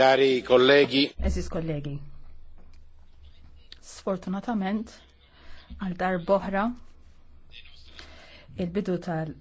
Cari colleghi. Esis colleghi. Sfortunatamente, al dar bohra, il-bidu tal-